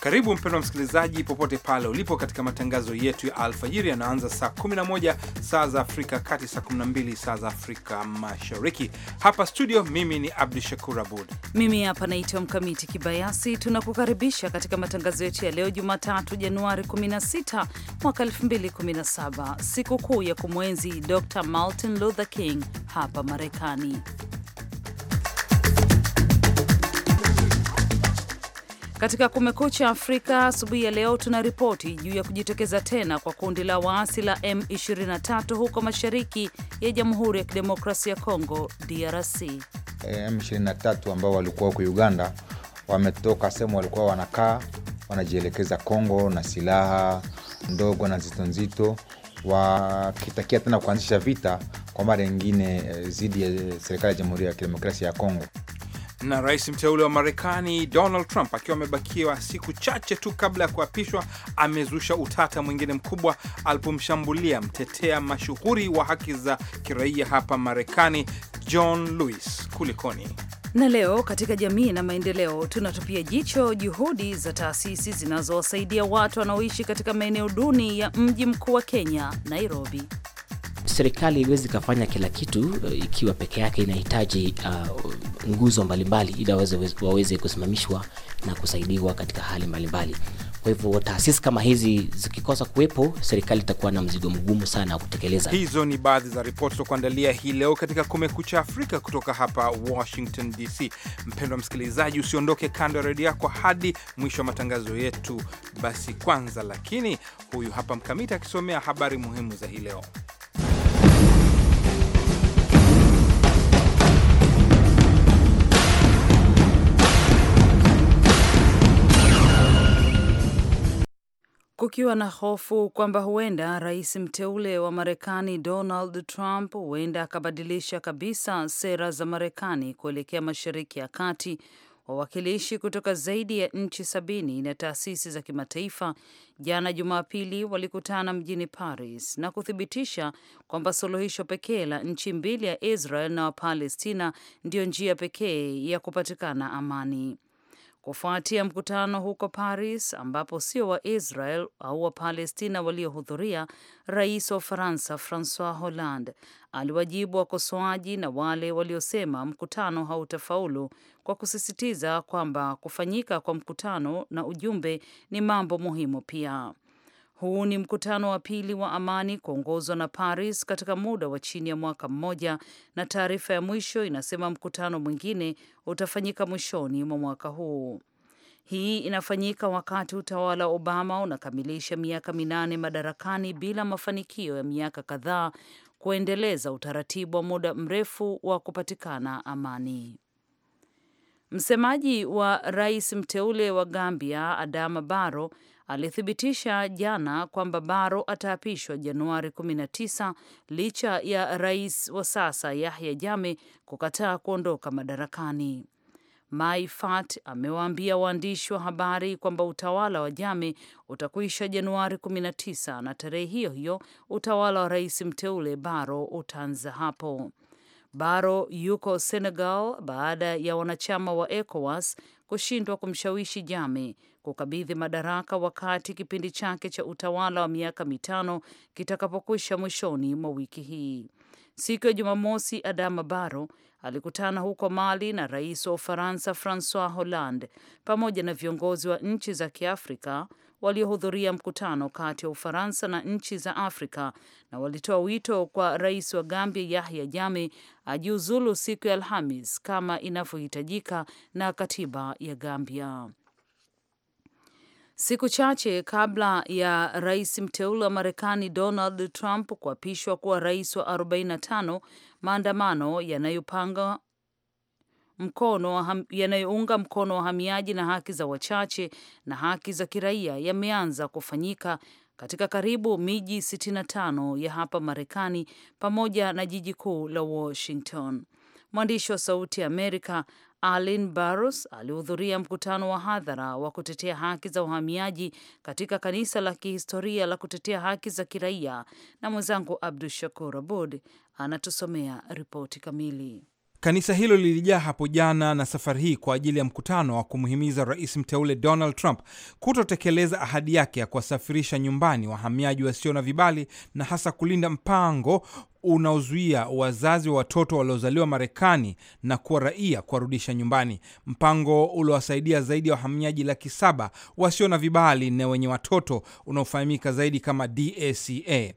Karibu mpendwa msikilizaji, popote pale ulipo, katika matangazo yetu ya alfajiri yanaanza saa 11 saa za Afrika kati, saa 12 saa za Afrika Mashariki. Hapa studio, mimi ni Abdu Shakur Abud, mimi hapa naitwa Mkamiti Kibayasi. Tunakukaribisha katika matangazo yetu ya leo Jumatatu, Januari 16 mwaka 2017, sikukuu ya kumwenzi Dr Martin Luther King hapa Marekani. Katika Kumekucha Afrika asubuhi ya leo, tuna ripoti juu ya kujitokeza tena kwa kundi la waasi la M23 huko mashariki ya Jamhuri ya Kidemokrasia ya Kongo, DRC. Eh, M23 ambao walikuwa huko Uganda wametoka sehemu walikuwa wanakaa, wanajielekeza Kongo na silaha ndogo na nzito nzito, wakitakia tena kuanzisha vita kwa mara nyingine dhidi eh, ya eh, serikali ya Jamhuri ya Kidemokrasia ya Kongo na rais mteule wa Marekani Donald Trump akiwa amebakiwa siku chache tu kabla ya kuapishwa, amezusha utata mwingine mkubwa alipomshambulia mtetea mashuhuri wa haki za kiraia hapa Marekani, John Lewis. Kulikoni? na leo katika jamii na maendeleo tunatupia jicho juhudi za taasisi zinazowasaidia watu wanaoishi katika maeneo duni ya mji mkuu wa Kenya, Nairobi serikali iwezi kafanya kila kitu eh, ikiwa peke yake, inahitaji uh, nguzo mbalimbali ili waweze kusimamishwa na kusaidiwa katika hali mbalimbali. Kwa hivyo taasisi kama hizi zikikosa kuwepo, serikali itakuwa na mzigo mgumu sana wa kutekeleza. Hizo ni baadhi za ripoti za kuandalia hii leo katika Kumekucha Afrika kutoka hapa Washington DC. Mpendwa msikilizaji, usiondoke kando ya redio yako hadi mwisho wa matangazo yetu. Basi kwanza, lakini huyu hapa Mkamiti akisomea habari muhimu za hii leo. kukiwa na hofu kwamba huenda rais mteule wa Marekani Donald Trump huenda akabadilisha kabisa sera za Marekani kuelekea Mashariki ya Kati. Wawakilishi kutoka zaidi ya nchi sabini na taasisi za kimataifa jana Jumapili walikutana mjini Paris na kuthibitisha kwamba suluhisho pekee la nchi mbili ya Israel na Wapalestina ndiyo njia pekee ya kupatikana amani kufuatia mkutano huko Paris ambapo sio wa Israel au wa Palestina waliohudhuria. Rais wa Ufaransa Francois Hollande aliwajibu wakosoaji na wale waliosema mkutano hautafaulu kwa kusisitiza kwamba kufanyika kwa mkutano na ujumbe ni mambo muhimu pia. Huu ni mkutano wa pili wa amani kuongozwa na Paris katika muda wa chini ya mwaka mmoja, na taarifa ya mwisho inasema mkutano mwingine utafanyika mwishoni mwa mwaka huu. Hii inafanyika wakati utawala wa Obama unakamilisha miaka minane madarakani bila mafanikio ya miaka kadhaa kuendeleza utaratibu wa muda mrefu wa kupatikana amani. Msemaji wa rais mteule wa Gambia Adama Barrow alithibitisha jana kwamba baro ataapishwa Januari 19 licha ya rais wa sasa Yahya jame kukataa kuondoka madarakani. Mai Fat amewaambia waandishi wa habari kwamba utawala wa Jame utakuisha Januari 19 na tarehe hiyo hiyo utawala wa rais mteule Baro utaanza hapo. Baro yuko Senegal baada ya wanachama wa ECOWAS kushindwa kumshawishi Jame kukabidhi madaraka wakati kipindi chake cha utawala wa miaka mitano kitakapokwisha mwishoni mwa wiki hii. Siku ya Jumamosi, Adama Baro alikutana huko Mali na rais wa Ufaransa Francois Hollande pamoja na viongozi wa nchi za Kiafrika waliohudhuria mkutano kati ya Ufaransa na nchi za Afrika na walitoa wito kwa rais wa Gambia Yahya Jammeh ajiuzulu siku ya Alhamis kama inavyohitajika na katiba ya Gambia. Siku chache kabla ya rais mteule wa Marekani Donald Trump kuapishwa kuwa rais wa 45, maandamano yanayopanga mkono yanayounga mkono wahamiaji na haki za wachache na haki za kiraia yameanza kufanyika katika karibu miji 65 ya hapa Marekani pamoja na jiji kuu la Washington. Mwandishi wa Sauti ya Amerika alin Barus alihudhuria mkutano wa hadhara wa kutetea haki za uhamiaji katika kanisa la kihistoria la kutetea haki za kiraia, na mwenzangu Abdu Shakur Abud anatusomea ripoti kamili. Kanisa hilo lilijaa hapo jana na safari hii kwa ajili ya mkutano wa kumhimiza rais mteule Donald Trump kutotekeleza ahadi yake ya kuwasafirisha nyumbani wahamiaji wasio na vibali na hasa kulinda mpango unaozuia wazazi wa watoto waliozaliwa Marekani na kuwa raia kuwarudisha nyumbani, mpango uliowasaidia zaidi ya wahamiaji laki saba wasio na vibali na wenye watoto unaofahamika zaidi kama DACA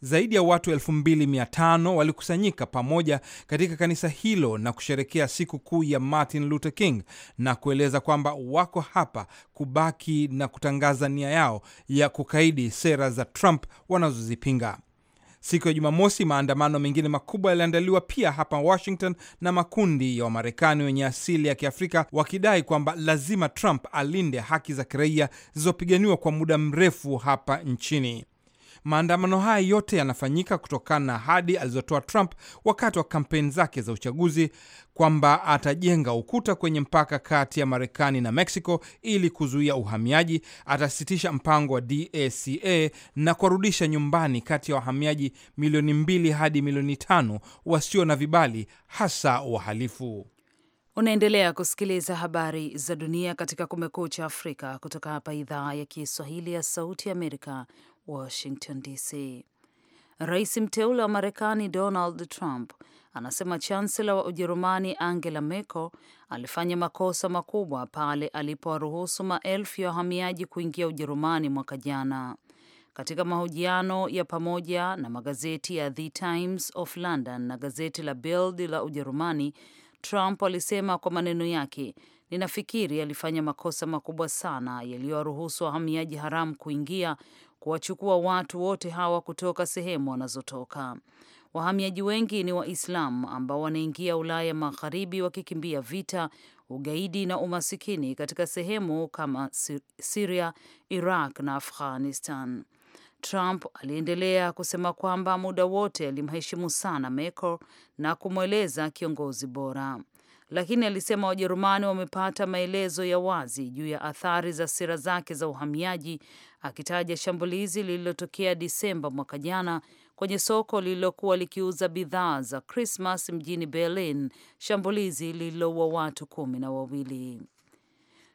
zaidi ya watu 2500 walikusanyika pamoja katika kanisa hilo na kusherekea siku kuu ya Martin Luther King na kueleza kwamba wako hapa kubaki na kutangaza nia yao ya kukaidi sera za Trump wanazozipinga. Siku ya Jumamosi, maandamano mengine makubwa yaliandaliwa pia hapa Washington na makundi ya Wamarekani wenye asili ya Kiafrika wakidai kwamba lazima Trump alinde haki za kiraia zilizopiganiwa kwa muda mrefu hapa nchini. Maandamano haya yote yanafanyika kutokana na ahadi alizotoa Trump wakati wa kampeni zake za uchaguzi kwamba atajenga ukuta kwenye mpaka kati ya Marekani na Mexico ili kuzuia uhamiaji, atasitisha mpango wa DACA na kuwarudisha nyumbani kati ya wahamiaji milioni mbili hadi milioni tano wasio na vibali, hasa wahalifu. Unaendelea kusikiliza habari za dunia katika Kumekucha Afrika kutoka hapa idhaa ya Kiswahili ya Sauti ya Amerika, Washington DC. Rais mteule wa Marekani Donald Trump anasema chansela wa Ujerumani Angela Merkel alifanya makosa makubwa pale alipowaruhusu maelfu ya wahamiaji kuingia Ujerumani mwaka jana. Katika mahojiano ya pamoja na magazeti ya The Times of London na gazeti la Bild la Ujerumani, Trump alisema kwa maneno yake, ninafikiri alifanya makosa makubwa sana yaliyowaruhusu wahamiaji haramu kuingia, kuwachukua watu wote hawa kutoka sehemu wanazotoka. Wahamiaji wengi ni Waislamu ambao wanaingia Ulaya Magharibi wakikimbia vita, ugaidi na umasikini katika sehemu kama Siria, Iraq na Afghanistan. Trump aliendelea kusema kwamba muda wote alimheshimu sana Merkel na kumweleza kiongozi bora lakini alisema Wajerumani wamepata maelezo ya wazi juu ya athari za sera zake za uhamiaji, akitaja shambulizi lililotokea Disemba mwaka jana kwenye soko lililokuwa likiuza bidhaa za Krismas mjini Berlin, shambulizi lililoua watu kumi na wawili.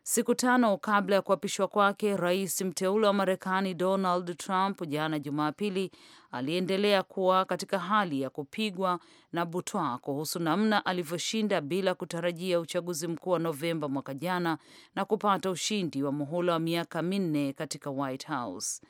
Siku tano kabla ya kuapishwa kwake, rais mteule wa Marekani Donald Trump jana Jumapili aliendelea kuwa katika hali ya kupigwa na butwa kuhusu namna alivyoshinda bila kutarajia uchaguzi mkuu wa Novemba mwaka jana na kupata ushindi wa muhula wa miaka minne katika White House.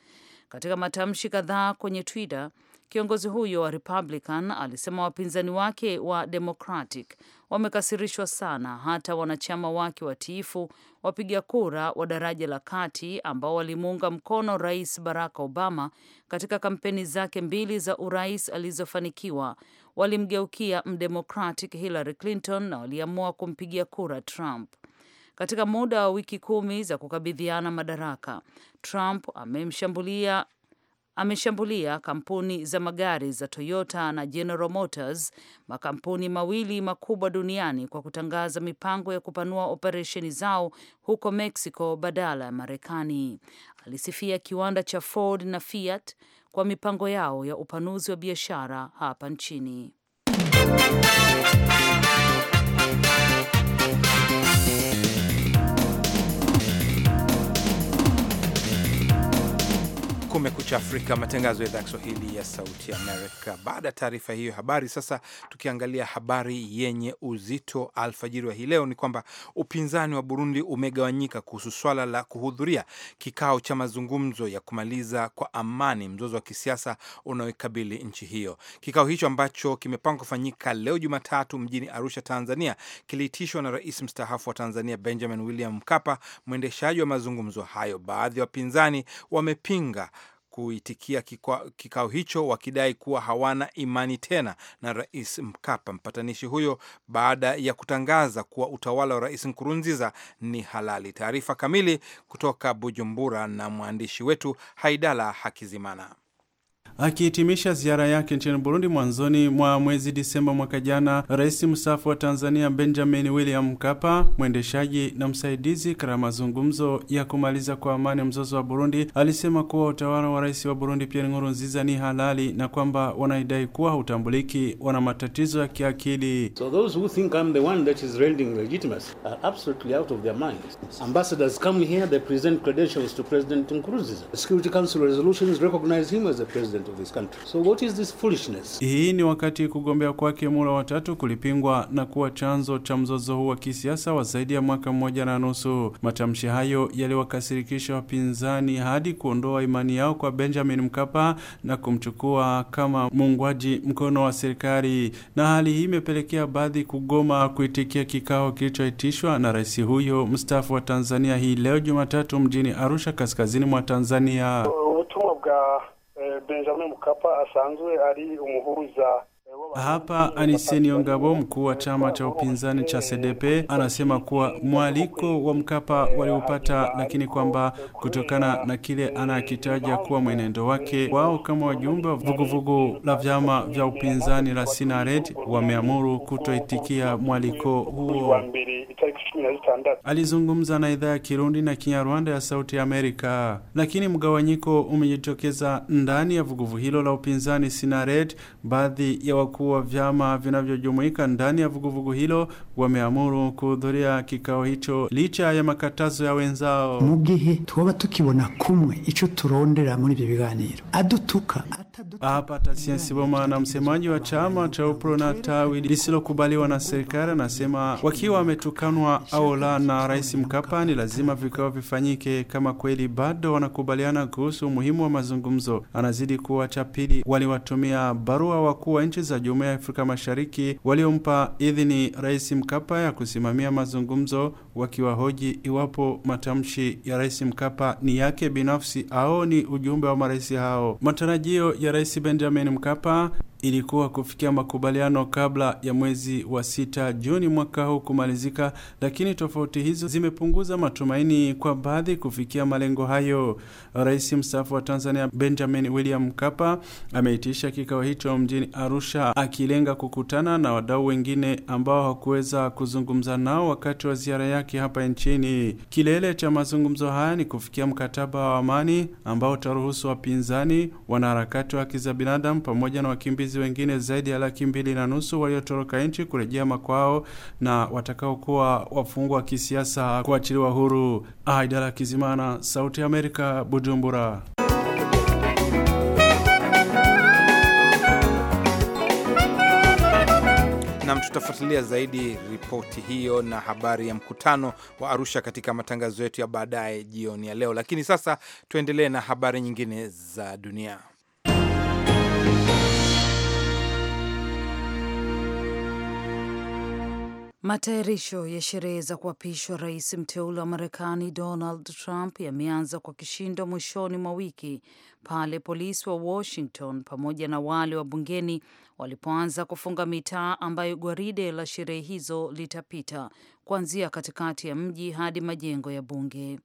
Katika matamshi kadhaa kwenye Twitter, Kiongozi huyo wa Republican alisema wapinzani wake wa Democratic wamekasirishwa sana, hata wanachama wake watiifu wapiga kura wa daraja la kati ambao walimuunga mkono Rais Barack Obama katika kampeni zake mbili za urais alizofanikiwa, walimgeukia mdemocratic Hillary Clinton na waliamua kumpigia kura Trump. Katika muda wa wiki kumi za kukabidhiana madaraka, Trump amemshambulia ameshambulia kampuni za magari za Toyota na General Motors, makampuni mawili makubwa duniani, kwa kutangaza mipango ya kupanua operesheni zao huko Mexico badala ya Marekani. Alisifia kiwanda cha Ford na Fiat kwa mipango yao ya upanuzi wa biashara hapa nchini. Kumekucha Afrika, matangazo ya idhaa Kiswahili ya Sauti Amerika. Baada ya taarifa hiyo habari, sasa tukiangalia habari yenye uzito alfajiri wa hii leo ni kwamba upinzani wa Burundi umegawanyika kuhusu swala la kuhudhuria kikao cha mazungumzo ya kumaliza kwa amani mzozo wa kisiasa unaoikabili nchi hiyo. Kikao hicho ambacho kimepangwa kufanyika leo Jumatatu mjini Arusha, Tanzania, kiliitishwa na rais mstaafu wa Tanzania Benjamin William Mkapa, mwendeshaji wa mazungumzo hayo. Baadhi ya wapinzani wamepinga kuitikia kikao hicho wakidai kuwa hawana imani tena na Rais Mkapa, mpatanishi huyo, baada ya kutangaza kuwa utawala wa Rais Nkurunziza ni halali. Taarifa kamili kutoka Bujumbura na mwandishi wetu Haidala Hakizimana. Akihitimisha ziara yake nchini Burundi mwanzoni mwa mwezi Disemba mwaka jana, rais mstaafu wa Tanzania Benjamin William Mkapa, mwendeshaji na msaidizi katika mazungumzo ya kumaliza kwa amani mzozo wa Burundi, alisema kuwa utawala wa rais wa Burundi Pierre Nkurunziza ni halali na kwamba wanaidai kuwa hautambuliki wana matatizo ya kiakili. So those who think I'm the one that is rendering legitimacy are absolutely out of their minds. Ambassadors come here, they present credentials to President Nkurunziza. The Security Council resolutions recognize him as president president of this country. So what is this foolishness? Hii ni wakati kugombea kwake mula watatu kulipingwa na kuwa chanzo cha mzozo huu wa kisiasa wa zaidi ya mwaka mmoja na nusu. Matamshi hayo yaliwakasirikisha wapinzani hadi kuondoa imani yao kwa Benjamin Mkapa na kumchukua kama muungwaji mkono wa serikali, na hali hii imepelekea baadhi kugoma kuitikia kikao kilichoitishwa na rais huyo mstaafu wa Tanzania hii leo Jumatatu mjini Arusha, kaskazini mwa Tanzania. Ubutumwa bwa benjamin mukapa asanzwe ari umuhuruza Hapa Aniseni Ongabo, mkuu wa chama cha upinzani cha CDP, anasema kuwa mwaliko wa Mkapa waliopata, lakini kwamba kutokana na kile anakitaja kuwa mwenendo wake wao kama wajumbe wa vuguvugu la vyama vya upinzani la Sinared wameamuru kutoitikia mwaliko huo. Alizungumza na idhaa ya Kirundi na Kinyarwanda ya Sauti ya Amerika, lakini mgawanyiko umejitokeza ndani ya vuguvu hilo la upinzani Sinared, baadhi ya wakuu wa vyama vinavyojumuika ndani ya vuguvugu hilo wameamuru kuhudhuria kikao hicho licha ya makatazo ya wenzao. Mugihe gihe tukibona kumwe ico turondera muri ibyo biganiro adutuka hapa Tasia na msemaji wa chama cha UPRO na tawi lisilokubaliwa na serikali, anasema wakiwa wametukanwa au la na Rais Mkapa, ni lazima vikao vifanyike kama kweli bado wanakubaliana kuhusu umuhimu wa mazungumzo. Anazidi kuwa cha pili, waliwatumia barua wakuu wa nchi za Jumuiya ya Afrika Mashariki waliompa idhini Rais Mkapa ya kusimamia mazungumzo wakiwahoji iwapo matamshi ya Rais Mkapa ni yake binafsi au ni ujumbe wa marais hao. Matarajio ya Rais Benjamin Mkapa ilikuwa kufikia makubaliano kabla ya mwezi wa sita Juni mwaka huu kumalizika, lakini tofauti hizo zimepunguza matumaini kwa baadhi kufikia malengo hayo. Rais mstaafu wa Tanzania Benjamin William Mkapa ameitisha kikao hicho mjini Arusha, akilenga kukutana na wadau wengine ambao hakuweza kuzungumza nao wakati wa ziara yake haki hapa nchini. Kilele cha mazungumzo haya ni kufikia mkataba wa amani ambao utaruhusu wapinzani, wanaharakati wa haki za binadamu pamoja na wakimbizi wengine zaidi ya laki mbili na nusu waliotoroka nchi kurejea makwao na watakaokuwa wafungwa wa kisiasa kuachiliwa huru. Aidara Kizimana, Sauti ya Amerika, Bujumbura. Naam, tutafuatilia zaidi ripoti hiyo na habari ya mkutano wa Arusha katika matangazo yetu ya baadaye jioni ya leo, lakini sasa tuendelee na habari nyingine za dunia. Matayarisho ya sherehe za kuapishwa rais mteule wa Marekani Donald Trump yameanza kwa kishindo mwishoni mwa wiki pale polisi wa Washington pamoja na wale wa bungeni walipoanza kufunga mitaa ambayo gwaride la sherehe hizo litapita kuanzia katikati ya mji hadi majengo ya bunge.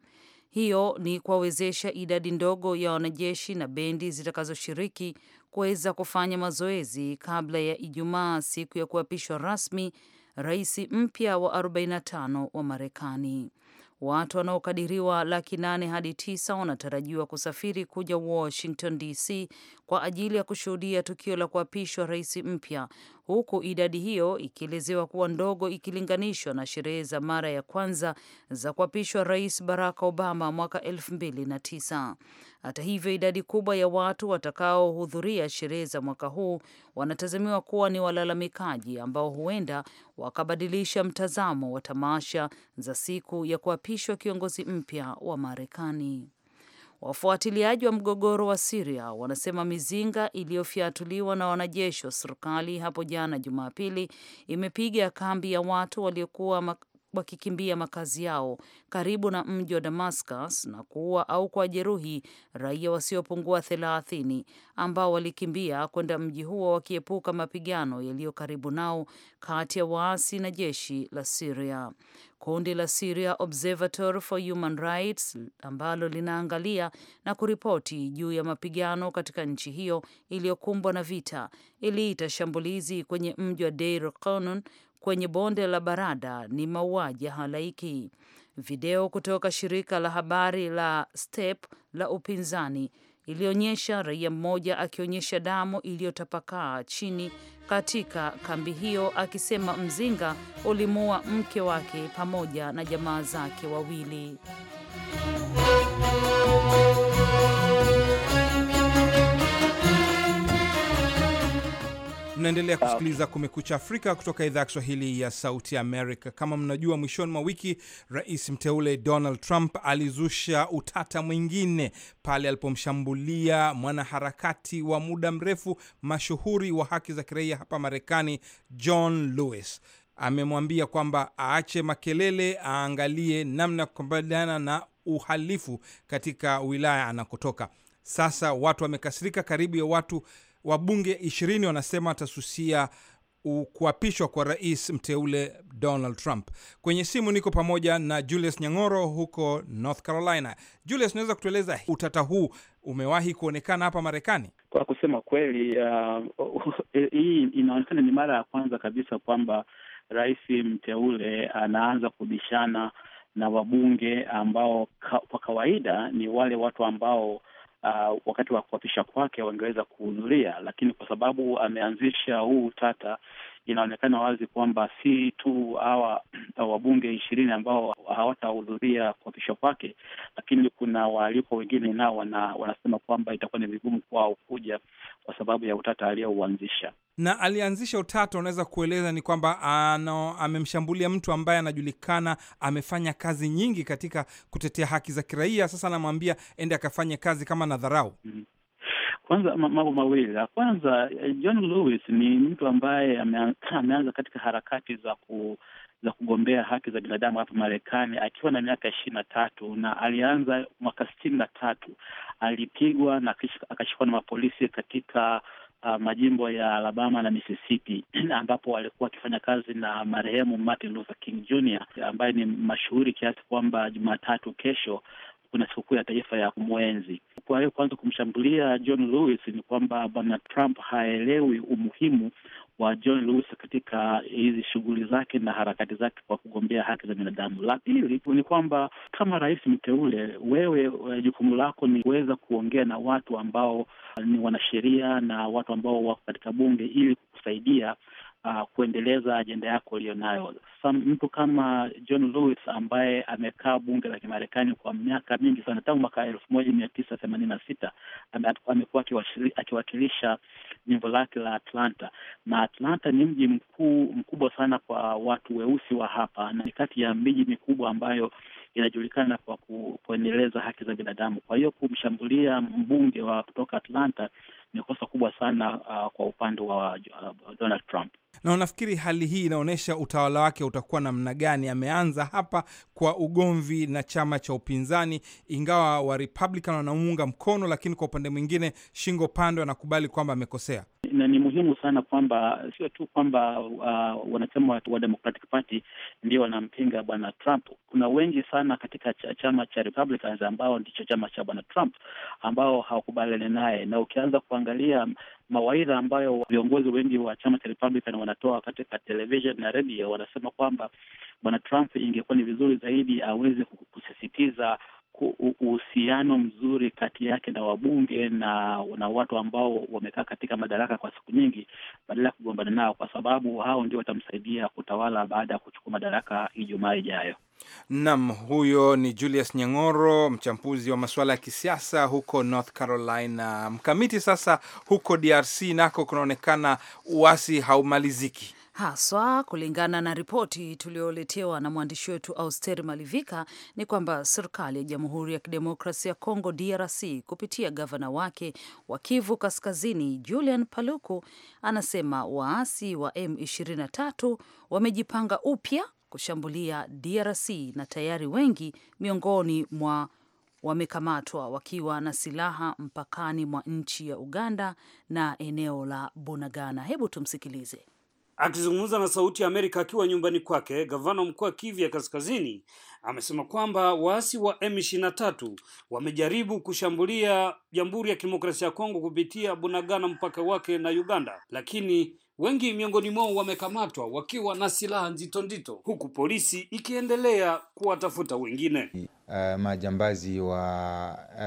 Hiyo ni kuwawezesha idadi ndogo ya wanajeshi na bendi zitakazoshiriki kuweza kufanya mazoezi kabla ya Ijumaa, siku ya kuapishwa rasmi rais mpya wa 45 wa Marekani. Watu wanaokadiriwa laki nane hadi tisa wanatarajiwa kusafiri kuja Washington DC kwa ajili ya kushuhudia tukio la kuapishwa rais mpya huku idadi hiyo ikielezewa kuwa ndogo ikilinganishwa na sherehe za mara ya kwanza za kuapishwa Rais Barack Obama mwaka elfu mbili na tisa. Hata hivyo, idadi kubwa ya watu watakaohudhuria sherehe za mwaka huu wanatazamiwa kuwa ni walalamikaji ambao huenda wakabadilisha mtazamo wa tamasha za siku ya kuapishwa kiongozi mpya wa Marekani. Wafuatiliaji wa mgogoro wa Siria wanasema mizinga iliyofyatuliwa na wanajeshi wa serikali hapo jana Jumapili imepiga kambi ya watu waliokuwa wakikimbia makazi yao karibu na mji wa Damascus na kuua au kuwajeruhi raia wasiopungua thelathini ambao walikimbia kwenda mji huo wakiepuka mapigano yaliyo karibu nao kati ya waasi na jeshi la siria Kundi la Syria Observatory for Human Rights ambalo linaangalia na kuripoti juu ya mapigano katika nchi hiyo iliyokumbwa na vita iliita shambulizi kwenye mji wa Deir Konun kwenye bonde la Barada ni mauaji ya halaiki. Video kutoka shirika la habari la STEP la upinzani ilionyesha raia mmoja akionyesha damu iliyotapakaa chini katika kambi hiyo, akisema mzinga ulimuua mke wake pamoja na jamaa zake wawili. Mnaendelea ah, kusikiliza Kumekucha Afrika kutoka idhaa ya Kiswahili ya Sauti Amerika. Kama mnajua, mwishoni mwa wiki rais mteule Donald Trump alizusha utata mwingine pale alipomshambulia mwanaharakati wa muda mrefu mashuhuri wa haki za kiraia hapa Marekani, John Lewis. Amemwambia kwamba aache makelele, aangalie namna ya kukabiliana na uhalifu katika wilaya anakotoka. Sasa watu wamekasirika, karibu ya watu wabunge ishirini wanasema atasusia kuapishwa kwa rais mteule Donald Trump. Kwenye simu niko pamoja na Julius Nyang'oro huko North Carolina. Julius, unaweza kutueleza utata huu umewahi kuonekana hapa Marekani? Kwa kusema kweli, uh, hii inaonekana ni mara ya kwanza kabisa kwamba rais mteule anaanza kubishana na wabunge ambao kwa kawaida ni wale watu ambao uh, wakati wa kuapisha kwake wangeweza kuhudhuria, lakini kwa sababu ameanzisha huu utata, inaonekana wazi kwamba si tu hawa wabunge ishirini ambao hawatahudhuria kuapishwa kwake, lakini kuna waalikwa wengine nao wana, wanasema kwamba itakuwa ni vigumu kwao kuja kwa sababu ya utata aliyouanzisha na alianzisha utata, unaweza kueleza ni kwamba ano, amemshambulia mtu ambaye anajulikana amefanya kazi nyingi katika kutetea haki za kiraia. Sasa anamwambia ende akafanye kazi kama na dharau mm-hmm. Kwanza mambo mawili. ya kwanza, eh, John Lewis ni mtu ambaye ameanza katika harakati za ku za kugombea haki za binadamu hapa Marekani akiwa na miaka ishirini na tatu na alianza mwaka sitini na tatu. Alipigwa na akashikwa na mapolisi katika uh, majimbo ya Alabama na Mississippi ambapo walikuwa wakifanya kazi na marehemu Martin Luther King Jr ambaye ni mashuhuri kiasi kwamba Jumatatu kesho kuna sikukuu ya taifa ya kumwenzi. Kwa hiyo kwanza, kumshambulia John Lewis ni kwamba bwana Trump haelewi umuhimu wa John Lowassa katika hizi shughuli zake na harakati zake kwa kugombea haki za binadamu. La pili ni kwamba kama rais mteule, wewe eh, jukumu lako ni kuweza kuongea na watu ambao ni wanasheria na watu ambao wako katika bunge ili kukusaidia uh, kuendeleza ajenda yako ulionayo. mtu kama John Lewis ambaye amekaa bunge la Kimarekani kwa miaka mingi sana tangu mwaka elfu moja mia tisa themanini na sita amekuwa akiwakilisha jimbo lake la Atlanta, na Atlanta ni mji mkuu mkubwa sana kwa watu weusi wa hapa, na ni kati ya miji mikubwa ambayo inajulikana kwa kuendeleza haki za binadamu. Kwa hiyo kumshambulia mbunge wa kutoka Atlanta ni kosa kubwa sana uh, kwa upande wa uh, Donald Trump na unafikiri hali hii inaonyesha utawala wake utakuwa namna gani? Ameanza hapa kwa ugomvi na chama cha upinzani, ingawa wa Republican wanamuunga mkono, lakini kwa upande mwingine shingo pande wanakubali kwamba amekosea ni muhimu sana kwamba sio tu kwamba uh, wanachama wa Democratic Party ndio wanampinga bwana Trump. Kuna wengi sana katika ch chama cha Republicans ambao ndicho chama cha bwana Trump ambao hawakubaliani naye, na ukianza kuangalia mawaidha ambayo viongozi wengi wa chama cha Republican wanatoa katika television na redio, wanasema kwamba bwana Trump ingekuwa ni vizuri zaidi aweze kusisitiza uhusiano mzuri kati yake na wabunge na na watu ambao wamekaa katika madaraka kwa siku nyingi, badala ya kugombana nao, kwa sababu hao ndio watamsaidia kutawala baada ya kuchukua madaraka Ijumaa ijayo. nam huyo ni Julius Nyang'oro, mchambuzi wa masuala ya kisiasa huko North Carolina. Mkamiti, sasa huko DRC nako kunaonekana uasi haumaliziki haswa kulingana na ripoti tulioletewa na mwandishi wetu Austeri Malivika, ni kwamba serikali ya Jamhuri ya Kidemokrasia ya Kongo DRC kupitia gavana wake wa Kivu Kaskazini Julian Paluku anasema waasi wa M23 wamejipanga upya kushambulia DRC na tayari wengi miongoni mwa wamekamatwa wakiwa na silaha mpakani mwa nchi ya Uganda na eneo la Bunagana. Hebu tumsikilize. Akizungumza na Sauti ya Amerika akiwa nyumbani kwake, gavana mkuu wa Kivu ya Kaskazini amesema kwamba waasi wa M23 wamejaribu kushambulia Jamhuri ya Kidemokrasia ya Kongo kupitia Bunagana, mpaka wake na Uganda, lakini wengi miongoni mwao wamekamatwa wakiwa na silaha nzito nzito, huku polisi ikiendelea kuwatafuta wengine. Uh, majambazi wa uh,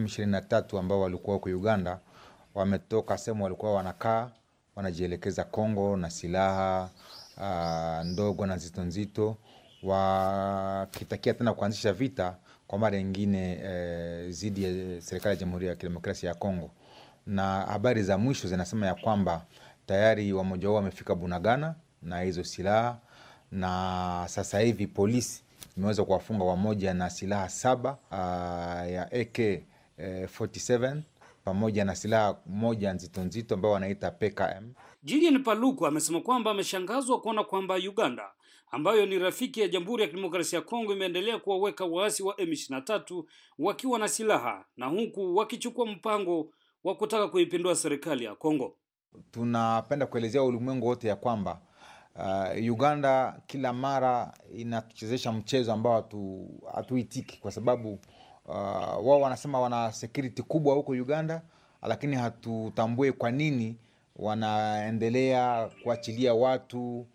M23 ambao walikuwa huko Uganda wametoka sehemu walikuwa wanakaa wanajielekeza Kongo na silaha uh, ndogo na nzito nzito, wakitakia tena kuanzisha vita kwa mara nyingine dhidi eh, ya serikali ya Jamhuri ya Kidemokrasia ya Kongo. Na habari za mwisho zinasema ya kwamba tayari wamoja wao wamefika Bunagana na hizo silaha, na sasa hivi polisi imeweza kuwafunga wamoja na silaha saba uh, ya AK eh, 47 pamoja na silaha moja nzito nzito ambayo wanaita PKM. Julian Paluku amesema kwamba ameshangazwa kuona kwamba Uganda ambayo ni rafiki ya Jamhuri ya Kidemokrasia ya Kongo imeendelea kuwaweka waasi wa M23 wakiwa na silaha na huku wakichukua mpango wa kutaka kuipindua serikali ya Kongo. Tunapenda kuelezea ulimwengu wote ya kwamba uh, Uganda kila mara inatuchezesha mchezo ambao hatuitiki kwa sababu uh, wao wanasema wana security kubwa huko Uganda, lakini hatutambue kwa nini wanaendelea kuachilia watu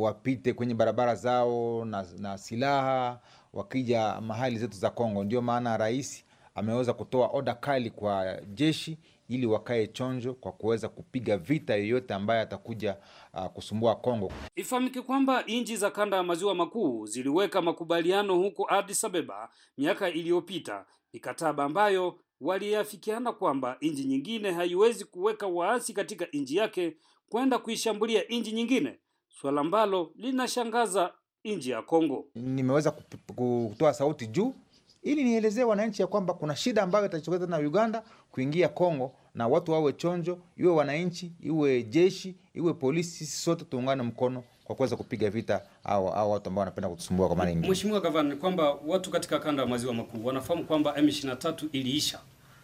wapite kwenye barabara zao na, na silaha wakija mahali zetu za Kongo. Ndio maana rais ameweza kutoa oda kali kwa jeshi ili wakae chonjo kwa kuweza kupiga vita yoyote ambayo atakuja uh, kusumbua Kongo. Ifahamike kwamba nchi za kanda ya maziwa makuu ziliweka makubaliano huko Addis Ababa miaka iliyopita, mikataba ambayo waliafikiana kwamba nchi nyingine haiwezi kuweka waasi katika nchi yake kwenda kuishambulia nchi nyingine, swala ambalo linashangaza nchi ya Kongo. Nimeweza kutoa sauti juu ili nielezee wananchi ya kwamba kuna shida ambayo itajitokeza na Uganda kuingia Kongo, na watu wawe chonjo, iwe wananchi, iwe jeshi, iwe polisi, sisi sote tuungane mkono kwa kuweza kupiga vita au watu ambao wanapenda kutusumbua kwa maana nyingine. Mheshimiwa Gavana, kwamba watu katika kanda ya maziwa makuu wanafahamu kwamba M23 iliisha,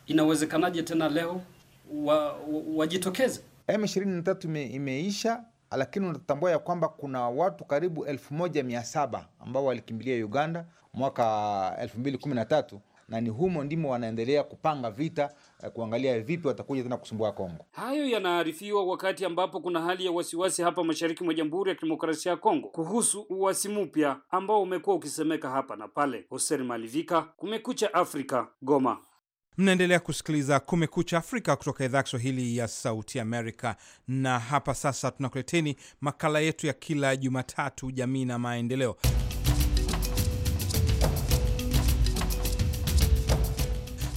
inawezekanaje tena leo wajitokeze? wa, wa M23 ime, imeisha lakini unatambua ya kwamba kuna watu karibu 1700 ambao walikimbilia Uganda mwaka 2013 na ni humo ndimo wanaendelea kupanga vita eh, kuangalia vipi watakuja tena kusumbua Kongo. Hayo yanaarifiwa wakati ambapo kuna hali ya wasiwasi hapa mashariki mwa Jamhuri ya Kidemokrasia ya Kongo kuhusu uasi mpya ambao umekuwa ukisemeka hapa na pale. hoser Malivika, Kumekucha Afrika, Goma. Mnaendelea kusikiliza Kumekucha Afrika kutoka idhaa ya Kiswahili ya Sauti Amerika, na hapa sasa tunakuleteni makala yetu ya kila Jumatatu, Jamii na Maendeleo.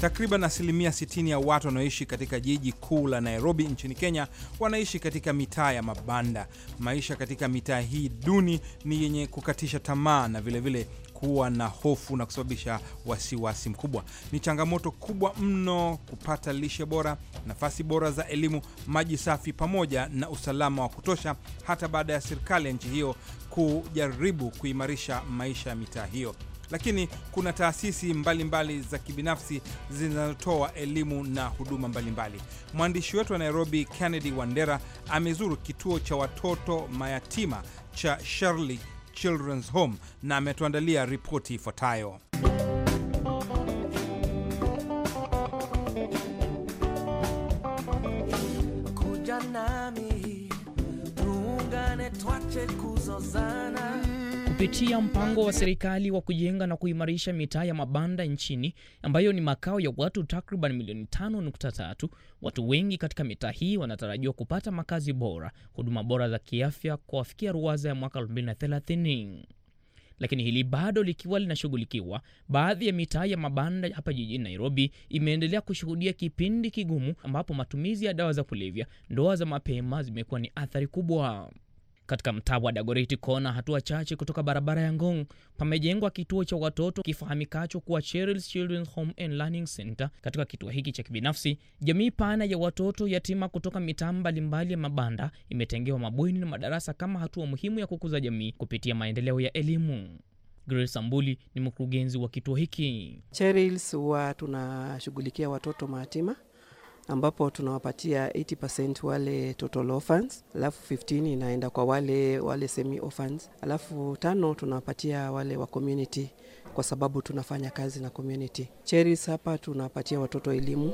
Takriban asilimia 60 ya watu wanaoishi katika jiji kuu la Nairobi nchini Kenya wanaishi katika mitaa ya mabanda. Maisha katika mitaa hii duni ni yenye kukatisha tamaa na vilevile vile kuwa na hofu na kusababisha wasiwasi mkubwa. Ni changamoto kubwa mno kupata lishe bora, nafasi bora za elimu, maji safi, pamoja na usalama wa kutosha, hata baada ya serikali ya nchi hiyo kujaribu kuimarisha maisha ya mitaa hiyo lakini kuna taasisi mbalimbali mbali za kibinafsi zinazotoa elimu na huduma mbalimbali. Mwandishi wetu wa Nairobi, Kennedy Wandera, amezuru kituo cha watoto mayatima cha Shirley Children's Home na ametuandalia ripoti ifuatayo. Kuja nami tuungane, twache kuzozana Kupitia mpango wa serikali wa kujenga na kuimarisha mitaa ya mabanda nchini ambayo ni makao ya watu takriban milioni 5.3, watu wengi katika mitaa hii wanatarajiwa kupata makazi bora, huduma bora za kiafya kuwafikia ruwaza ya mwaka 2030. Lakini hili bado likiwa linashughulikiwa, baadhi ya mitaa ya mabanda hapa jijini Nairobi imeendelea kushuhudia kipindi kigumu ambapo matumizi ya dawa za kulevya, ndoa za mapema zimekuwa ni athari kubwa. Katika mtaa wa Dagoreti Kona, hatua chache kutoka barabara ya Ngong, pamejengwa kituo cha watoto kifahamikacho kuwa Cheryl's Children's Home and Learning Center. Katika kituo hiki cha kibinafsi, jamii pana ya watoto yatima kutoka mitaa mbalimbali ya mabanda imetengewa mabweni na madarasa kama hatua muhimu ya kukuza jamii kupitia maendeleo ya elimu. Grace Sambuli ni mkurugenzi wa kituo hiki. Cheryl's huwa tunashughulikia watoto mayatima ambapo tunawapatia 80% wale total orphans, alafu 15 inaenda kwa wale wale semi orphans, alafu tano tunawapatia wale wa community kwa sababu tunafanya kazi na community. Cheris hapa tunawapatia watoto elimu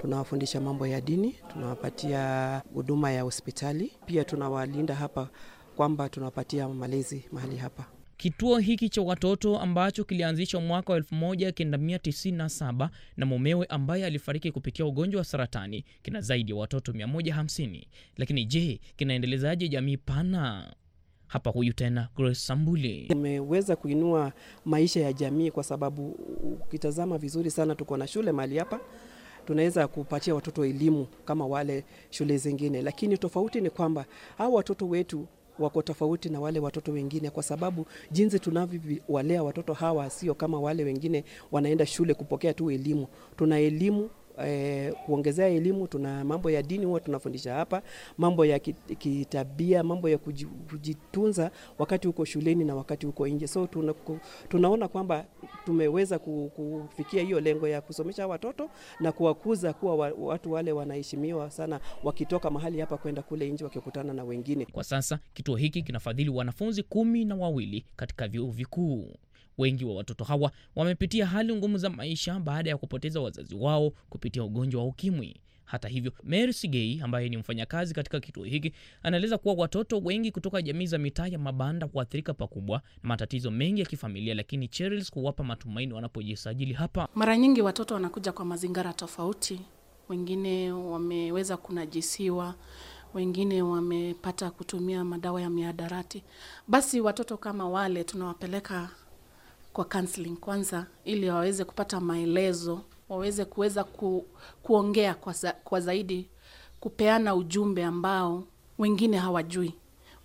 tunawafundisha mambo ya dini, tunawapatia huduma ya hospitali, pia tunawalinda hapa kwamba tunawapatia malezi mahali hapa. Kituo hiki cha watoto ambacho kilianzishwa mwaka wa 1997 na mumewe ambaye alifariki kupitia ugonjwa wa saratani kina zaidi ya watoto 150. Lakini je, kinaendelezaje jamii pana? Hapa huyu tena Grace Sambuli. Imeweza kuinua maisha ya jamii kwa sababu ukitazama vizuri sana, tuko na shule mahali hapa tunaweza kupatia watoto elimu kama wale shule zingine, lakini tofauti ni kwamba hao watoto wetu wako tofauti na wale watoto wengine, kwa sababu jinsi tunavyowalea watoto hawa sio kama wale wengine wanaenda shule kupokea tu elimu. Tuna elimu eh, kuongezea elimu. Tuna mambo ya dini huwa tunafundisha hapa, mambo ya kitabia, mambo ya kujitunza wakati uko shuleni na wakati uko nje. So tuna, tunaona kwamba tumeweza kufikia hiyo lengo ya kusomesha watoto na kuwakuza kuwa watu wale wanaheshimiwa sana, wakitoka mahali hapa kwenda kule nje, wakikutana na wengine. Kwa sasa kituo hiki kinafadhili wanafunzi kumi na wawili katika vyuo vikuu. Wengi wa watoto hawa wamepitia hali ngumu za maisha baada ya kupoteza wazazi wao kupitia ugonjwa wa ukimwi. Hata hivyo, Mary Sigei ambaye ni mfanyakazi katika kituo hiki anaeleza kuwa watoto wengi kutoka jamii za mitaa ya mabanda kuathirika pakubwa na matatizo mengi ya kifamilia, lakini Cherils huwapa matumaini wanapojisajili hapa. Mara nyingi watoto wanakuja kwa mazingira tofauti, wengine wameweza kunajisiwa, wengine wamepata kutumia madawa ya mihadarati. Basi watoto kama wale tunawapeleka kwa counseling kwanza, ili waweze kupata maelezo, waweze kuweza ku, kuongea kwa, za, kwa zaidi, kupeana ujumbe ambao wengine hawajui,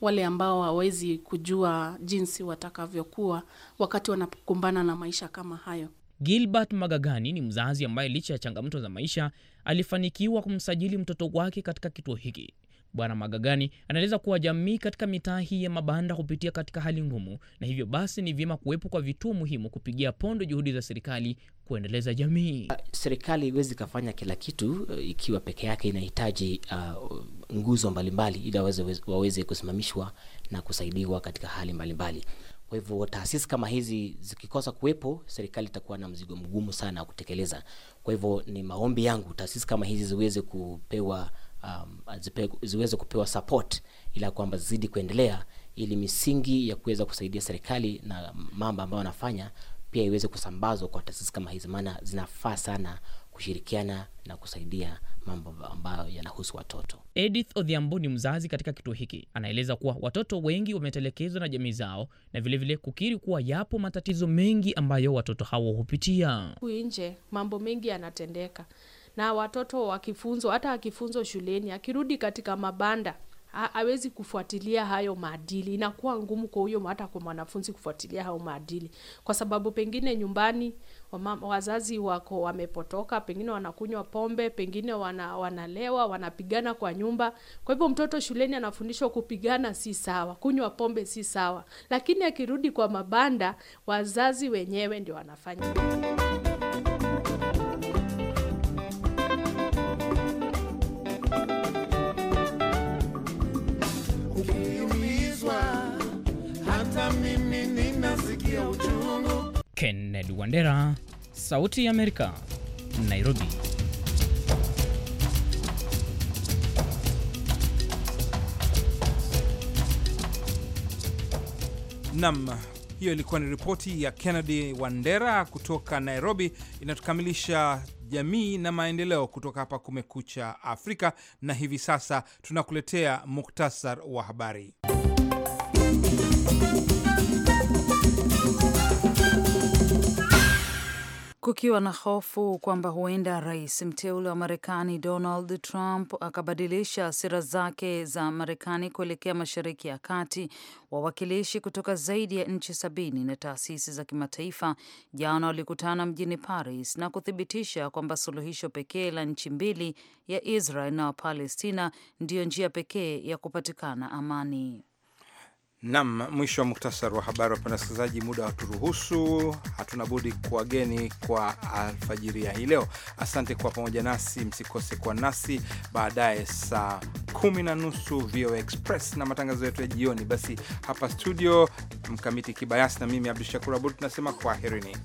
wale ambao hawawezi kujua jinsi watakavyokuwa wakati wanakumbana na maisha kama hayo. Gilbert Magagani ni mzazi ambaye licha ya changamoto za maisha alifanikiwa kumsajili mtoto wake katika kituo hiki. Bwana Magagani anaeleza kuwa jamii katika mitaa hii ya mabanda hupitia katika hali ngumu, na hivyo basi ni vyema kuwepo kwa vituo muhimu kupigia pondo juhudi za serikali kuendeleza jamii. Serikali iwezi ikafanya kila kitu eh, ikiwa peke yake, inahitaji uh, nguzo mbalimbali ili waweze kusimamishwa na kusaidiwa katika hali mbalimbali mbali. Kwa hivyo taasisi kama hizi zikikosa kuwepo, serikali itakuwa na mzigo mgumu sana wa kutekeleza. Kwa hivyo ni maombi yangu taasisi kama hizi ziweze kupewa um, ziweze kupewa support ila kwamba zizidi kuendelea ili misingi ya kuweza kusaidia serikali na mambo ambayo wanafanya pia iweze kusambazwa kwa taasisi kama hizi, maana zinafaa sana kushirikiana na kusaidia mambo ambayo yanahusu watoto. Edith Odhiambo ni mzazi katika kituo hiki, anaeleza kuwa watoto wengi wametelekezwa na jamii zao na vilevile vile kukiri kuwa yapo matatizo mengi ambayo watoto hao hupitia. nje mambo mengi yanatendeka na watoto wakifunzwa, hata akifunzwa shuleni, akirudi katika mabanda hawezi kufuatilia hayo maadili. Inakuwa ngumu kwa huyo hata kwa mwanafunzi kufuatilia hayo maadili, kwa sababu pengine nyumbani wazazi wako wamepotoka, pengine wanakunywa pombe, pengine wana, wanalewa, wanapigana kwa nyumba. Kwa hivyo mtoto shuleni anafundishwa kupigana si sawa, kunywa pombe si sawa, lakini akirudi kwa mabanda wazazi wenyewe ndio wanafanya kenned Wandera, Sauti ya Amerika, Nairobi. Nam, hiyo ilikuwa ni ripoti ya Kennedy Wandera kutoka Nairobi. Inatukamilisha jamii na maendeleo kutoka hapa Kumekucha Afrika, na hivi sasa tunakuletea muktasar wa habari. kukiwa na hofu kwamba huenda rais mteule wa Marekani Donald Trump akabadilisha sera zake za Marekani kuelekea Mashariki ya Kati. Wawakilishi kutoka zaidi ya nchi sabini na taasisi za kimataifa jana walikutana mjini Paris na kuthibitisha kwamba suluhisho pekee la nchi mbili ya Israel na Wapalestina ndiyo njia pekee ya kupatikana amani. Nam, mwisho wa muktasari wa habari. Wapenda wasikilizaji, muda waturuhusu, hatuna budi kuwageni kwa alfajiri ya hii leo. Asante kwa pamoja nasi, msikose kwa nasi baadaye saa kumi na nusu VOA Express na matangazo yetu ya jioni. Basi hapa studio, Mkamiti Kibayasi na mimi Abdu Shakur Abud tunasema kwaherini.